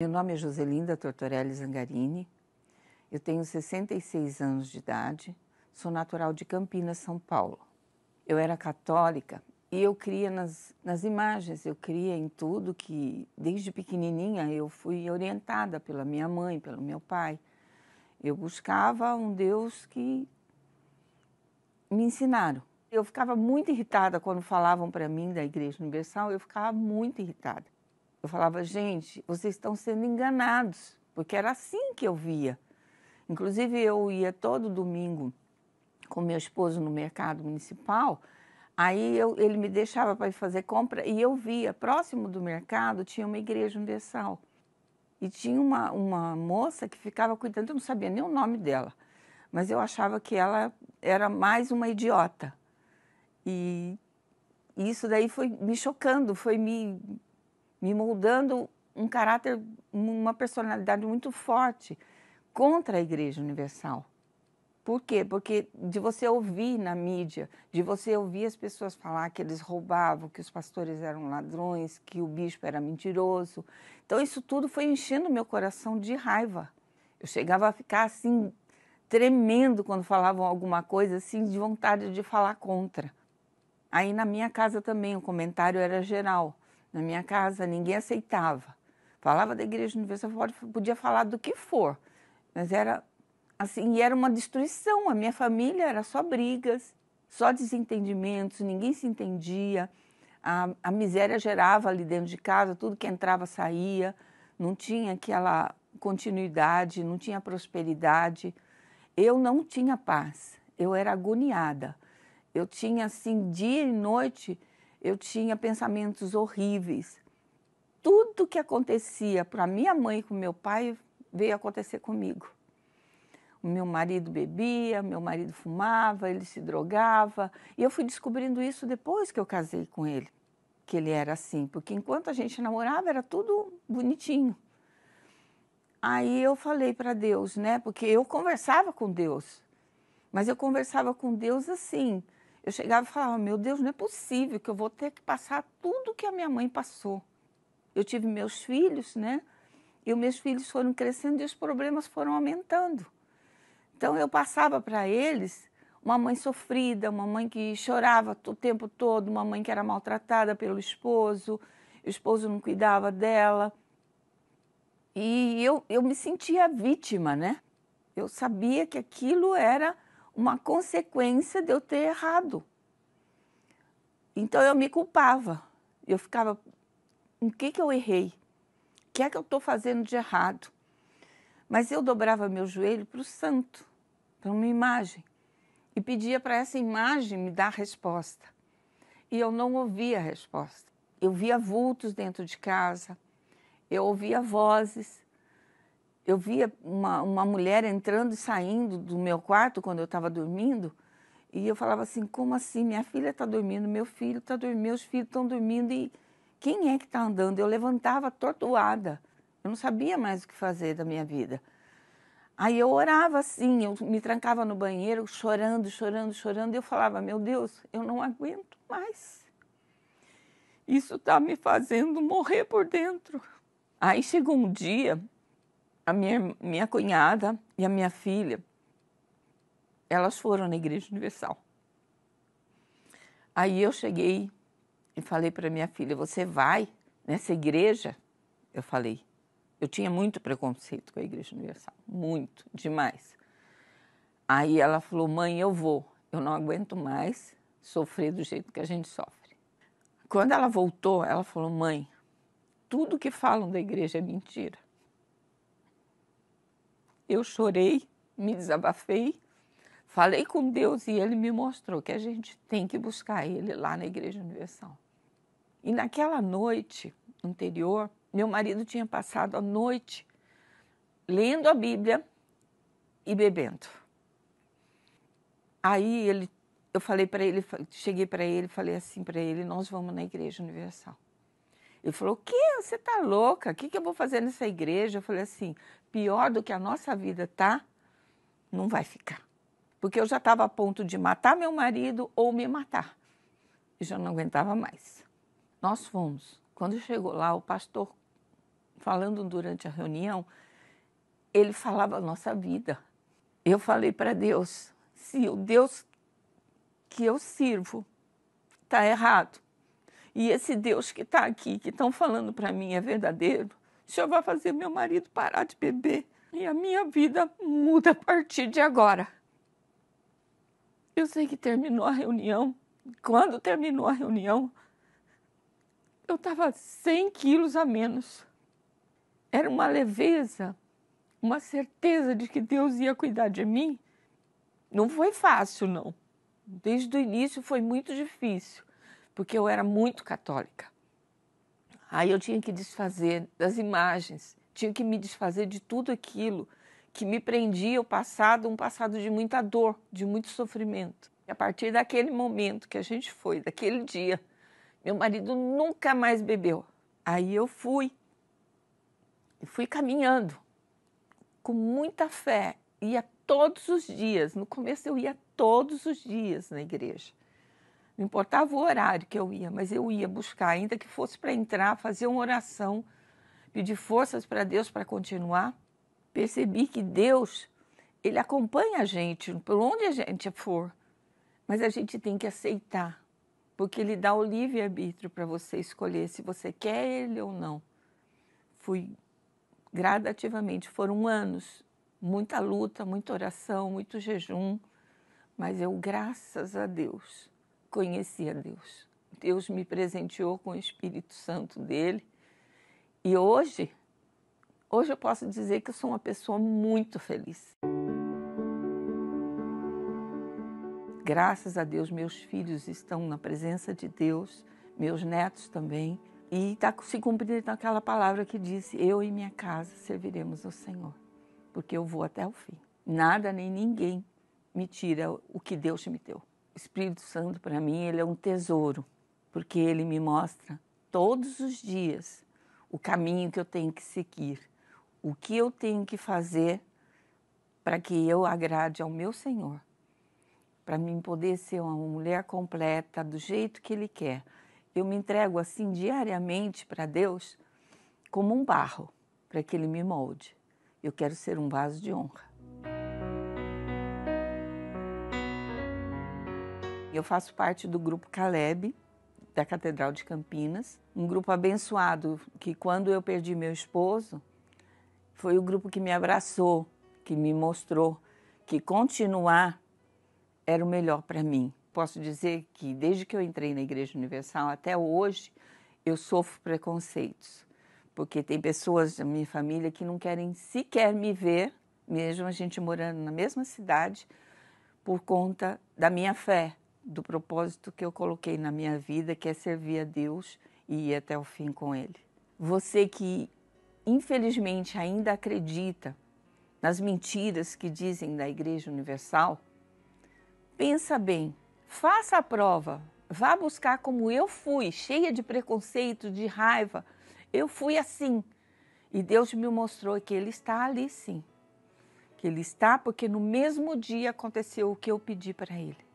Meu nome é Joselinda Tortorelli Zangarini, eu tenho 66 anos de idade, sou natural de Campinas, São Paulo. Eu era católica e eu cria nas, nas imagens, eu cria em tudo que, desde pequenininha, eu fui orientada pela minha mãe, pelo meu pai. Eu buscava um Deus que me ensinaram. Eu ficava muito irritada quando falavam para mim da Igreja Universal, eu ficava muito irritada eu falava, gente, vocês estão sendo enganados, porque era assim que eu via. Inclusive, eu ia todo domingo com meu esposo no mercado municipal, aí eu, ele me deixava para fazer compra e eu via, próximo do mercado tinha uma igreja universal. E tinha uma, uma moça que ficava cuidando, eu não sabia nem o nome dela, mas eu achava que ela era mais uma idiota. E isso daí foi me chocando, foi me me moldando um caráter, uma personalidade muito forte contra a Igreja Universal. Por quê? Porque de você ouvir na mídia, de você ouvir as pessoas falar que eles roubavam, que os pastores eram ladrões, que o bispo era mentiroso. Então, isso tudo foi enchendo meu coração de raiva. Eu chegava a ficar assim, tremendo quando falavam alguma coisa, assim, de vontade de falar contra. Aí na minha casa também o comentário era geral na minha casa, ninguém aceitava. Falava da Igreja Universal, podia falar do que for, mas era assim, e era uma destruição. A minha família era só brigas, só desentendimentos, ninguém se entendia. A, a miséria gerava ali dentro de casa, tudo que entrava saía, não tinha aquela continuidade, não tinha prosperidade. Eu não tinha paz, eu era agoniada. Eu tinha assim dia e noite eu tinha pensamentos horríveis. Tudo que acontecia para minha mãe e com meu pai veio acontecer comigo. O meu marido bebia, meu marido fumava, ele se drogava. E eu fui descobrindo isso depois que eu casei com ele, que ele era assim. Porque enquanto a gente namorava, era tudo bonitinho. Aí eu falei para Deus, né? Porque eu conversava com Deus, mas eu conversava com Deus assim, eu chegava e falava: Meu Deus, não é possível que eu vou ter que passar tudo que a minha mãe passou. Eu tive meus filhos, né? E os meus filhos foram crescendo e os problemas foram aumentando. Então eu passava para eles uma mãe sofrida, uma mãe que chorava o tempo todo, uma mãe que era maltratada pelo esposo, o esposo não cuidava dela. E eu, eu me sentia vítima, né? Eu sabia que aquilo era uma consequência de eu ter errado. Então eu me culpava. Eu ficava, o que que eu errei? O que é que eu estou fazendo de errado? Mas eu dobrava meu joelho para o santo, para uma imagem, e pedia para essa imagem me dar resposta. E eu não ouvia a resposta. Eu via vultos dentro de casa, eu ouvia vozes, eu via uma, uma mulher entrando e saindo do meu quarto quando eu estava dormindo. E eu falava assim: como assim? Minha filha está dormindo, meu filho está dormindo, meus filhos estão dormindo. E quem é que está andando? Eu levantava tortuada. Eu não sabia mais o que fazer da minha vida. Aí eu orava assim, eu me trancava no banheiro, chorando, chorando, chorando. E eu falava: meu Deus, eu não aguento mais. Isso está me fazendo morrer por dentro. Aí chegou um dia a minha, minha cunhada e a minha filha, elas foram na Igreja Universal. Aí eu cheguei e falei para minha filha: Você vai nessa igreja? Eu falei. Eu tinha muito preconceito com a Igreja Universal, muito, demais. Aí ela falou: Mãe, eu vou, eu não aguento mais sofrer do jeito que a gente sofre. Quando ela voltou, ela falou: Mãe, tudo que falam da igreja é mentira eu chorei, me desabafei, falei com Deus e ele me mostrou que a gente tem que buscar ele lá na Igreja Universal. E naquela noite anterior, meu marido tinha passado a noite lendo a Bíblia e bebendo. Aí ele, eu falei para ele, cheguei para ele, falei assim para ele, nós vamos na Igreja Universal. Ele falou: "O que? Você tá louca? O que, que eu vou fazer nessa igreja?" Eu falei assim: "Pior do que a nossa vida tá, não vai ficar, porque eu já estava a ponto de matar meu marido ou me matar e já não aguentava mais." Nós fomos. Quando chegou lá, o pastor falando durante a reunião, ele falava a nossa vida. Eu falei para Deus: se o Deus que eu sirvo está errado, e esse Deus que está aqui, que estão falando para mim é verdadeiro, o Senhor vai fazer meu marido parar de beber e a minha vida muda a partir de agora. Eu sei que terminou a reunião. Quando terminou a reunião, eu estava 100 quilos a menos. Era uma leveza, uma certeza de que Deus ia cuidar de mim. Não foi fácil, não. Desde o início foi muito difícil porque eu era muito católica. Aí eu tinha que desfazer das imagens, tinha que me desfazer de tudo aquilo que me prendia ao passado, um passado de muita dor, de muito sofrimento. E a partir daquele momento que a gente foi, daquele dia, meu marido nunca mais bebeu. Aí eu fui e fui caminhando com muita fé, ia todos os dias. No começo eu ia todos os dias na igreja. Não importava o horário que eu ia, mas eu ia buscar, ainda que fosse para entrar, fazer uma oração, pedir forças para Deus para continuar. Percebi que Deus, Ele acompanha a gente, por onde a gente for, mas a gente tem que aceitar, porque Ele dá o livre-arbítrio para você escolher se você quer Ele ou não. Fui gradativamente, foram anos, muita luta, muita oração, muito jejum, mas eu, graças a Deus, conheci a Deus. Deus me presenteou com o Espírito Santo dele. E hoje, hoje eu posso dizer que eu sou uma pessoa muito feliz. Graças a Deus, meus filhos estão na presença de Deus, meus netos também. E está se cumprindo aquela palavra que disse: Eu e minha casa serviremos ao Senhor, porque eu vou até o fim. Nada nem ninguém me tira o que Deus me deu. Espírito Santo para mim, ele é um tesouro, porque ele me mostra todos os dias o caminho que eu tenho que seguir, o que eu tenho que fazer para que eu agrade ao meu Senhor, para mim poder ser uma mulher completa do jeito que ele quer. Eu me entrego assim diariamente para Deus como um barro, para que ele me molde. Eu quero ser um vaso de honra. Eu faço parte do grupo Caleb, da Catedral de Campinas, um grupo abençoado que, quando eu perdi meu esposo, foi o grupo que me abraçou, que me mostrou que continuar era o melhor para mim. Posso dizer que, desde que eu entrei na Igreja Universal até hoje, eu sofro preconceitos, porque tem pessoas da minha família que não querem sequer me ver, mesmo a gente morando na mesma cidade, por conta da minha fé do propósito que eu coloquei na minha vida, que é servir a Deus e ir até o fim com Ele. Você que infelizmente ainda acredita nas mentiras que dizem da Igreja Universal, pensa bem, faça a prova, vá buscar como eu fui, cheia de preconceito, de raiva. Eu fui assim. E Deus me mostrou que Ele está ali sim. Que Ele está porque no mesmo dia aconteceu o que eu pedi para Ele.